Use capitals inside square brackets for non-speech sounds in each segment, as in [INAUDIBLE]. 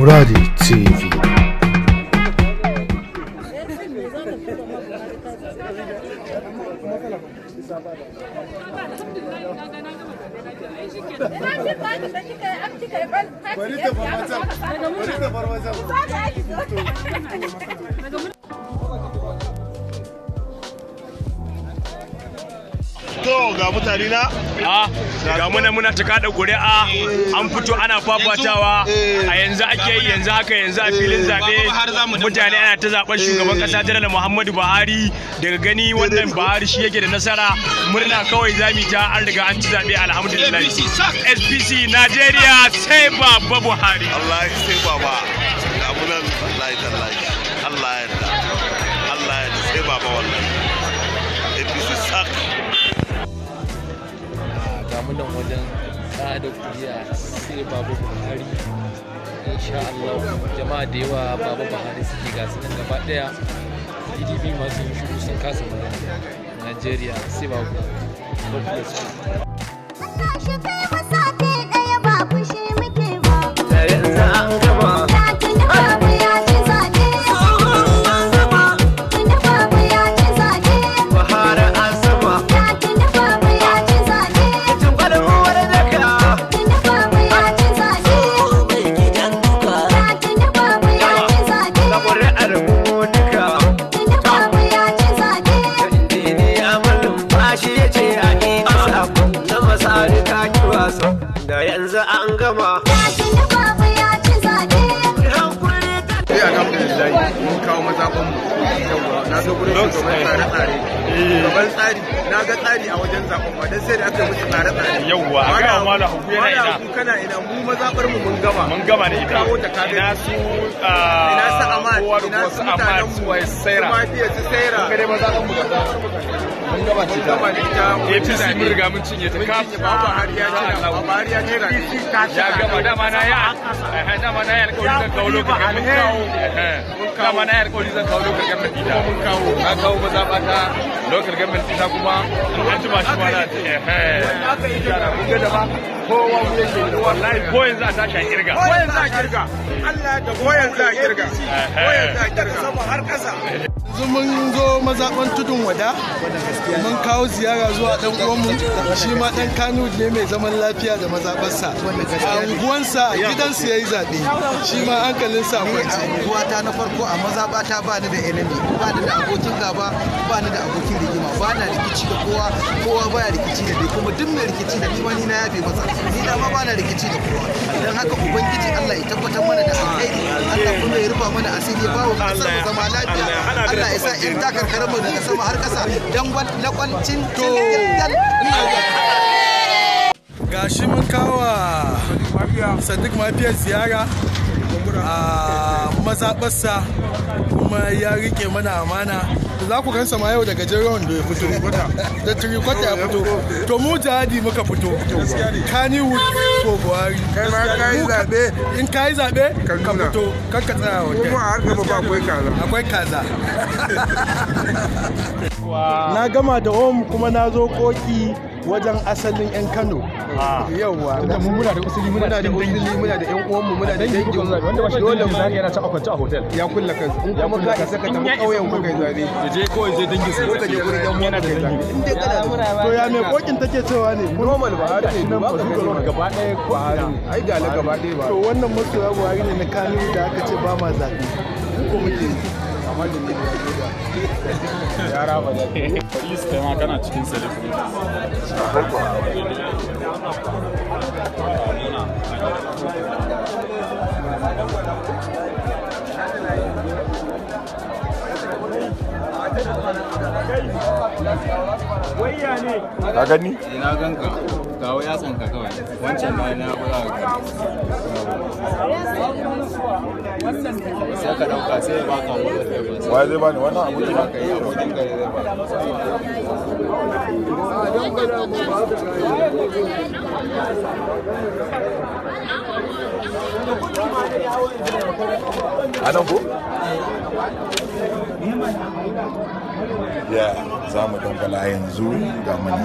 Muradi TV. Bari ta farmata. [LAUGHS] ga mutane na a ga muna muna ta kada ƙuri'a an fito ana fafatawa a yanzu ake yi yanzu haka yanzu a filin zabe mutane ana ta zaɓar shugaban eh. ƙasa jiran Muhammadu Buhari daga gani wannan Buhari shi yake da nasara murna kawai zami ta an riga an ci zabe alhamdulillah SPC nigeria sai baba Buhari Allah sai baba mulan wajen tsada kuri'a sai babu buhari insha Allah jama'a da yawa babu buhari suke gasu nan gaba daya pdp masu yin shuru sun kasa mulan najeriya sai babu buhari tsare-tsare gaban eh. tsari na ga tsari a wajen zaɓen ma sai da aka yi musu tsare-tsare yawwa a ga yana ina kana ina mu mazaɓar mu mun gama mun gama ita kawo ta kabe ina su ah, ina su amat ina su mutanen mu su su saira kuma dai mazaɓar mu mun gaba ci APC mun mun cinye ta kaf ba ba har ya ce ba ba har ya ce ya gama dama na ya dama na ya alƙawari zan kawo lokacin mun kawo dama na ya alƙawari zan kawo lokacin mun fita mun kawo kawo ba za ta lokacin gamin kuma an ba shi ba na eh aka yi jara mun ga dama kowa mu yake wallahi ko yanzu a tashi a kirga ko yanzu a kirga Allah ya ga ko yanzu a kirga ko yanzu a kirga sama har kasa yanzu mun zo mazaɓan tudun wada mun kawo ziyara zuwa ɗan uwanmu shi ma ɗan kanu ne mai zaman lafiya da mazaɓarsa a unguwansa a gidansu ya yi zaɓe shi ma sa a kwanci. unguwata na farko a ta ba ni da enemy ba ni da abokin gaba ba ni da abokin rigima ba na rikici da kowa kowa baya rikici da ni kuma duk mai rikici da ni ma ni na yafe masa ni na ma ba na rikici da kowa don haka ubangiji Allah ya tabbatar mana da alheri Allah kuma ya rufa mana asiri ya bawo kasar zama lafiya Allah Allah ya sa in takar karmu daga sama har kasa don lakwancin cikin gashi mun kawo sadiq mafiyar ziyara a mazaɓarsa kuma ya rike mana amana za ku gansa ma yau daga jirgin wanda ya fito da turikwata ya fito to mu jihadi muka fito kaniwood ko buhari mu zaɓe in ka yi zaɓe ka fito kan ka tsaya wa kuma har gaba ba akwai kaza akwai kaza [LAUGHS] na gama da om kuma na zo koki wajen asalin 'yan kano ah. yauwa da mu muna da usuli muna da usuli muna da yan uwanmu muna da yan mu wanda ba dole mu zaka yana can akwance a hotel ya kulla kansu in kuma ka isa ka tafi kauyen mu kai zabe ya je kawai je dangin su ka je gurin yan uwanka kai zabe in dai kana to ya me kokin take cewa ne normal ba har nan ba ka ga gaba daya ko ai da gaba daya ba to wannan masoya buhari ne na kano da aka ce ba ma zabe ko muke amma da ne da yara raba da kai is kai ma kana cikin celebrity ka gani? Eh, na ganka gawo ya tsanka kawai wancan ma na kula ga sai dauka sai ya baka wani wai zai bani wannan abu ne ka yi abokin ka zai bani a nan ko? ya za mu dangala yanzu ga mani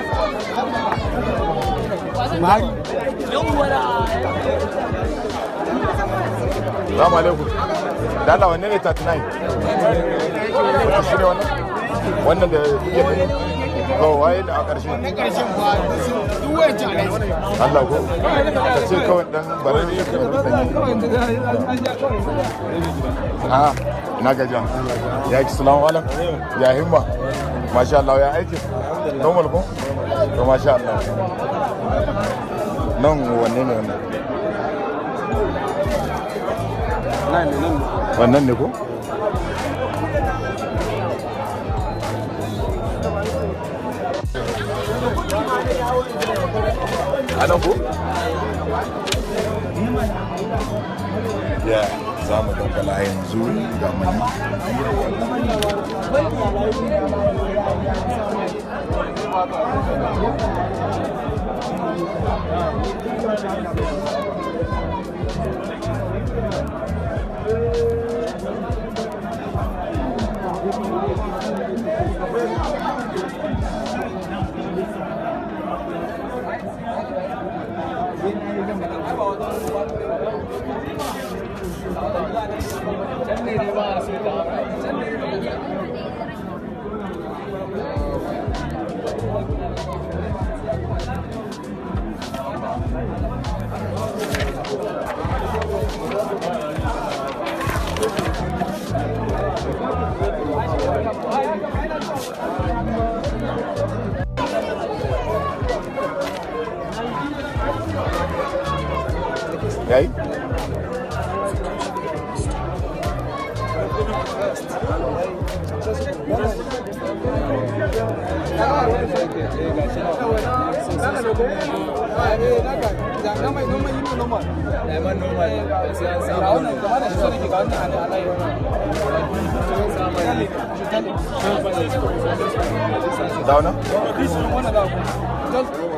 Mari. Salamu alaikum. Dala wanne ne 39? Wannan da iya to da a ƙarshe na ƙarshen ba Allah ko ce kawai dan bare ne ka rubuta ah ya ki salamu alaikum ya himma masha Allah ya aiki normal ko to masha Allah nan wanne ne wannan nan ne ko I know who? Yeah, za mu daukala yanzu ga mani. Thank you. 真的吗？[LAUGHS] okay?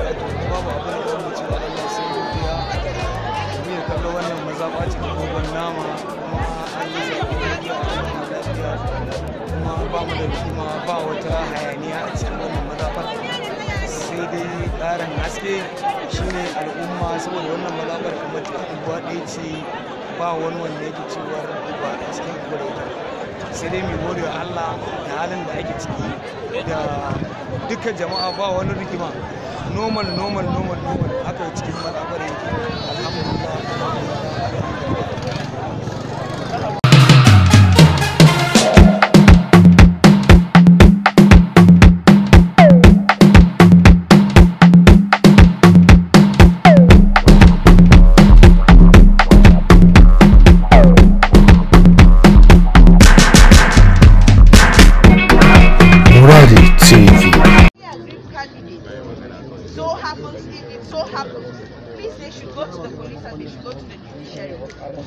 wato babu abin da zan ce Allah sai godiya mu ya kallo wannan mazaba cikin gogon nama kuma an yi lafiya kuma ba mu da kima ba wata hayaniya a cikin wannan mazabar sai dai ƙarin haske shine al'umma saboda wannan mazabar kamar ta unguwa ɗaya ce ba wani wanda yake cewa ba a cikin unguwa sai dai mai gode Allah da halin da ake ciki da dukkan jama'a ba wani rigima normal normal normal normal haka cikin mazaɓar yake alhamdulillah so happens, if it so happens, please they should go to the police and they should go to the judiciary.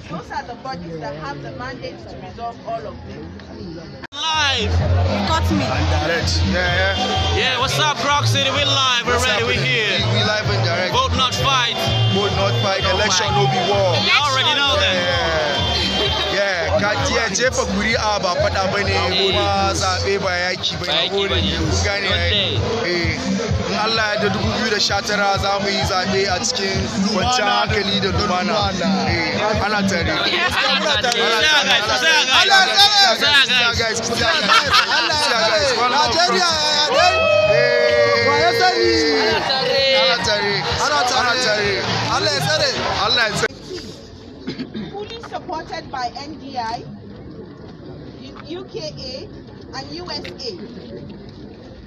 Those are the bodies that have the mandate to resolve all of them. Live. You got me. And direct. Yeah, yeah. Yeah, what's up, Rock City? We're live. We're what's ready. Happening? We're here. We, we live and direct. Vote not fight. Vote not fight. Oh Election no be war. Election. You already know. jefa kuri'a ba faɗa ba ne kuma zaɓe ba yaki ba ne gane eh, in Allah ya da 2019 za mu yi zaɓe a cikin wancan hankali da dubana eh, ana tare Fully supported by NDI UKA, and USA.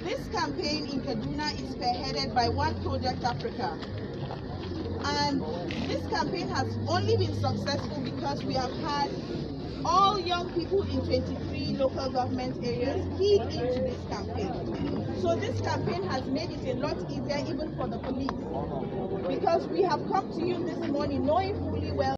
This campaign in Kaduna is spearheaded by One Project Africa. And this campaign has only been successful because we have had all young people in 23 local government areas keyed into this campaign. So this campaign has made it a lot easier even for the police because we have come to you this morning knowing fully well